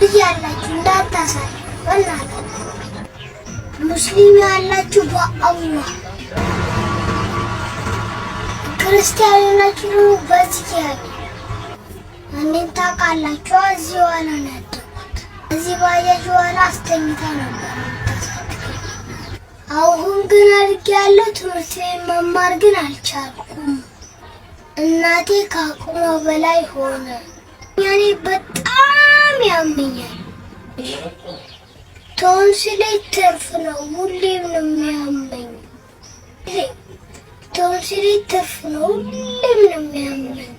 ልጅ እንዳታሳዩ በእናታችሁ። ሙስሊም ያላችሁ በአላህ ክርስቲያን ያላችሁ ደግሞ በዚያር እኔን ታውቃላችሁ። እዚህ ዋና ነው እዚህ ባጃጅ ዋና አስተኝታ ነበር። አሁን ግን አድግ ያለው ትምህርት ቤት መማር ግን አልቻልኩም። እናቴ ከአቅሟ በላይ ሆነ። ያኔ በጣም ያመኛል። ቶንሲሌ ትርፍ ነው፣ ሁሌም ነው የሚያመኝ። ቶንሲሌ ትርፍ ነው፣ ሁሌም ነው የሚያመኝ።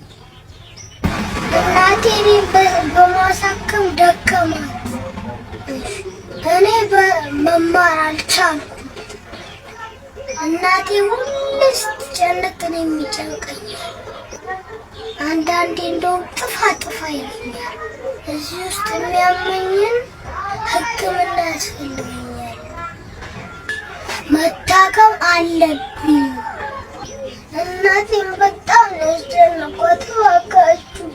እናቴ እኔ በማሳከም ደከማት። እኔ መማር አልቻልኩም። እናቴ ሁሌ ስትጨነቅ እኔም ይጨንቀኛል። አንዳንዴ እንደውም ጥፋ ጥፋ ይለኛል። እዚህ ውስጥ የሚያመኝን ሕክምና ያስፈልገኛል። መታከም አለብኝ። እናቴን በጣም ነው ያስጨነቋት። እባካችሁ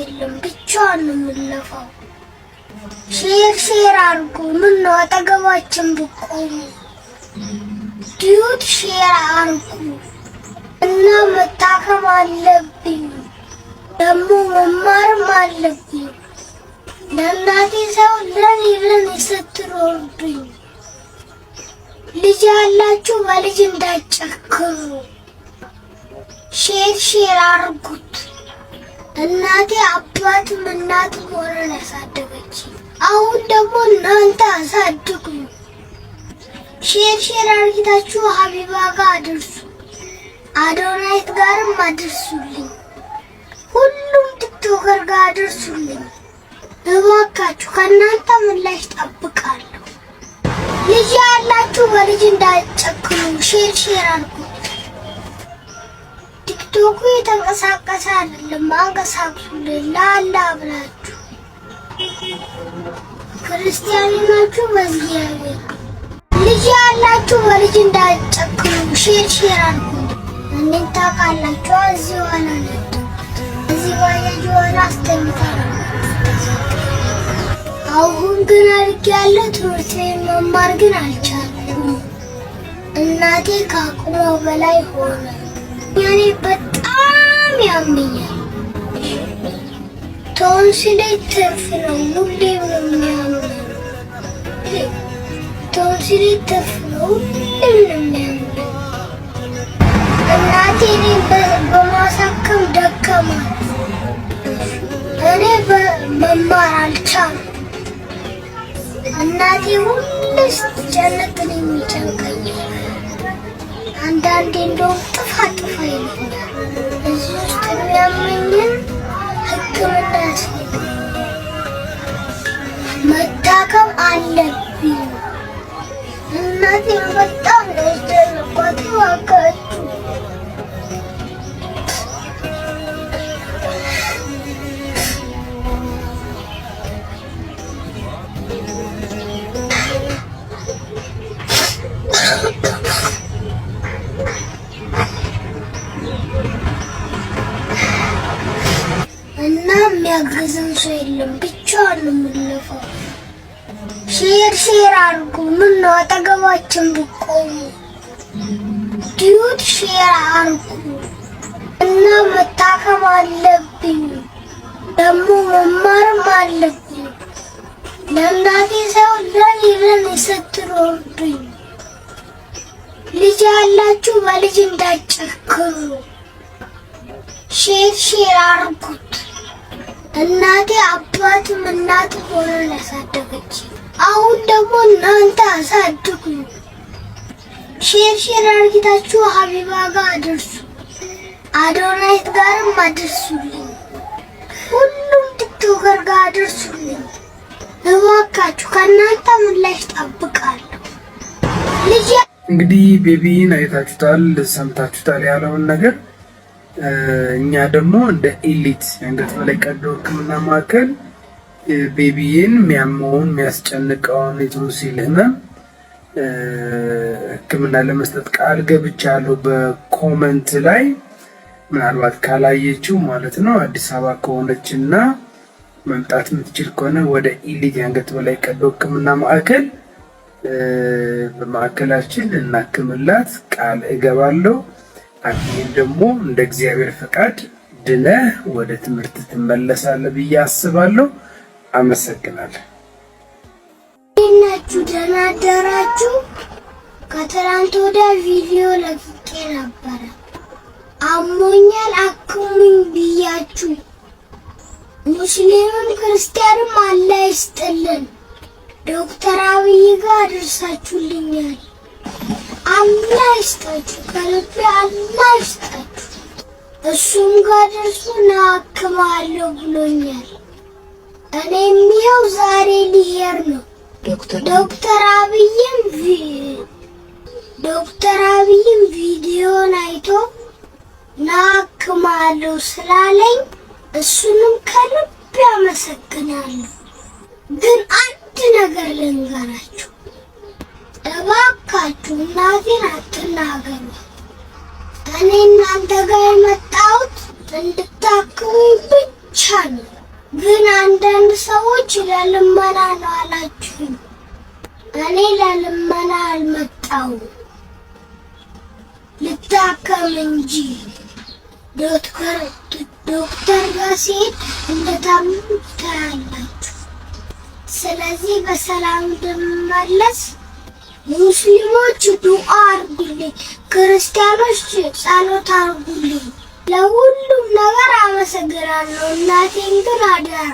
የለም፣ ብቻዋን ነው የምንለፋው። ሼር ሼር አድርጉ። ምን ነው አጠገባችን ብቆሙ ዲዩት ሼር አድርጉ እና መታከም አለብኝ ደግሞ መማርም አለብኝ። ለእናቴ ሰው ለኔ ለኔ ስትሮርብኝ ልጅ ያላችሁ በልጅ እንዳጨክሩ ሼር ሼር አድርጉት። እናቴ አባትም እናት ሆነን ያሳደገች። አሁን ደግሞ እናንተ አሳድጉ። ሼር ሼር አርጊታችሁ ሀቢባ ጋር አድርሱ፣ አዶናይት ጋርም አድርሱልኝ፣ ሁሉም ቲክቶከር ጋር አድርሱልኝ። እባካችሁ ከእናንተ ምላሽ ጠብቃለሁ። ልጅ ያላችሁ በልጅ እንዳትጨክኑ። ሼር ሼር አርጉ። ስልኩ የተንቀሳቀሰ አይደለም። አንቀሳቅሱልኝ ለአላ ብላችሁ ክርስቲያኑ ናችሁ። በዚህ ልጅ ያላችሁ በልጅ እንዳጨክሉ ሼር ሼር አልኩ። እንዴት ታውቃላችሁ? እዚህ ሆነ እዚህ ባጃጅ ሆነ አስተኝታል። አሁን ግን አድግ ያለ ትምህርት መማር ግን አልቻለም። እናቴ ከአቅሟ በላይ ሆነ። ያኔ በጣም ያመኛል። ቶንሲሌ ትርፍ ነው፣ ሁሌም ነው ቶንሲሌ ትርፍ ነው፣ ሁሌም ነው እናቴ በማሳከም ደከማት፣ እኔ መማር አልቻልኩም። እናቴ ሁሌ ስትጨነቅ እኔ የሚጨንቀኝ አንዳንዴ እንደውም ጥፋ ጥፋ ይለኛል። እዚህ ውስጥ የሚያመኝን ሕክምና መታከም አለብኝ። እናቴ በጣም ነው ያስደነኳት። የሚያግዝን ሰው የለም። ብቻዋን የምለፈው። ሼር ሼር አድርጉ። ምን ነው አጠገባችን ብቆሙ ዲዩት ሼር አድርጉ እና መታከም አለብኝ ደግሞ መማርም አለብኝ። ለእናቴ ሰው ለን ይለን ስትኖርብኝ ልጅ ያላችሁ በልጅ እንዳጨክሩ ሼር ሼር አድርጉት። እናቴ አባትም እናት ሆኖ ያሳደገች። አሁን ደግሞ እናንተ አሳድጉ። ሼር ሼር አርጊታችሁ ሀቢባ ጋር አድርሱ፣ አዶናይት ጋርም አድርሱልኝ፣ ሁሉም ቲክቶከር ጋር አድርሱልኝ። እባካችሁ ከእናንተ ምላሽ ጠብቃለሁ። ልጅ እንግዲህ ቤቢን አይታችሁታል፣ ሰምታችሁታል ያለውን ነገር እኛ ደግሞ እንደ ኤሊት የአንገት በላይ ቀዶ ሕክምና ማዕከል ቤቢዬን የሚያመውን የሚያስጨንቀውን የትሩሲል ህመም ሕክምና ለመስጠት ቃል ገብቻለሁ። በኮመንት ላይ ምናልባት ካላየችው ማለት ነው አዲስ አበባ ከሆነች እና መምጣት የምትችል ከሆነ ወደ ኢሊት የአንገት በላይ ቀዶ ሕክምና ማዕከል በማዕከላችን ልናክምላት ቃል እገባለሁ። አኪን ደግሞ እንደ እግዚአብሔር ፈቃድ ድነህ ወደ ትምህርት ትመለሳለህ ብዬ አስባለሁ። አመሰግናለሁ። ናችሁ ደህና አደራችሁ። ከትናንት ወደ ቪዲዮ ለቅቄ ነበረ። አሞኛል አክሙኝ ብያችሁ ሙስሊምም ክርስቲያንም አላህ ይስጥልን። ዶክተር አብይ ጋር አድርሳችሁልኛል። አላህ ይስጣችሁ፣ ከልቤ አላህ ይስጣችሁ። እሱም ጋር ደርሶ ናክማለሁ ብሎኛል። እኔም ይኸው ዛሬ ሊሄድ ነው። ዶክተር አብይም ዶክተር አብይም ቪዲዮን አይቶ ናክማለሁ ስላለኝ እሱንም ከልቤ አመሰግናለሁ። ግን አንድ ነገር ልንገራችሁ እባካችሁ እናቴን አትናገሩ። እኔ እናንተ ጋር የመጣሁት እንድታክሙኝ ብቻ ነው። ግን አንዳንድ ሰዎች ለልመና ነው አላችሁኝ። እኔ ለልመና አልመጣሁም ልታከም እንጂ። ዶክተር ዶክተር ጋር ሲሄድ ታያላችሁ። ስለዚህ በሰላም እንደምመለስ ሙስሊሞች ዱአ አርጉልኝ፣ ክርስቲያኖች ጸሎት አርጉልኝ። ለሁሉም ነገር አመሰግናለሁ። እናቴን ግን አደራ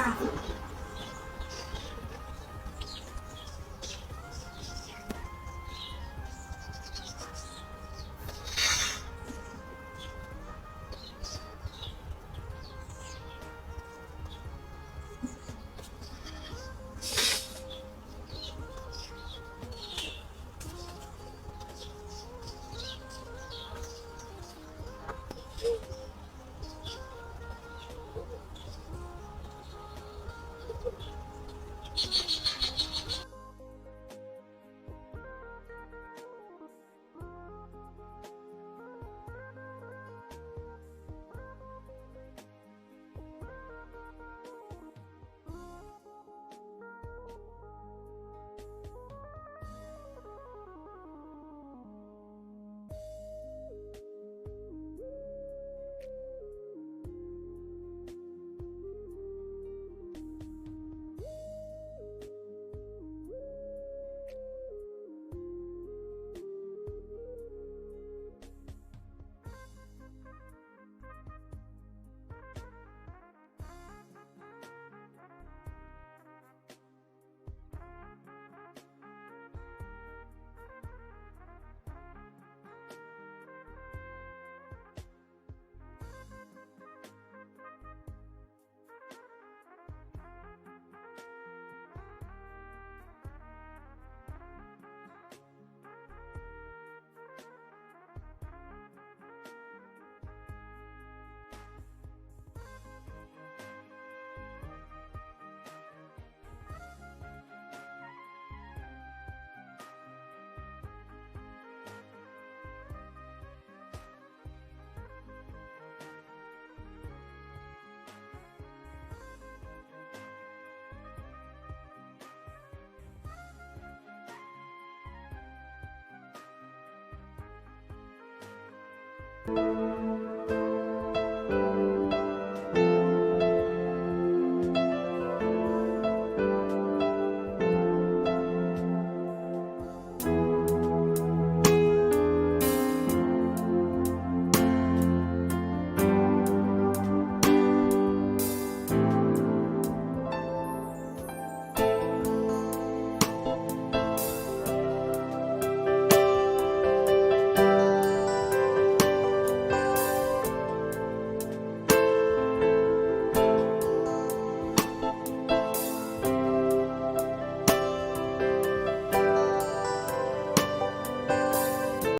Música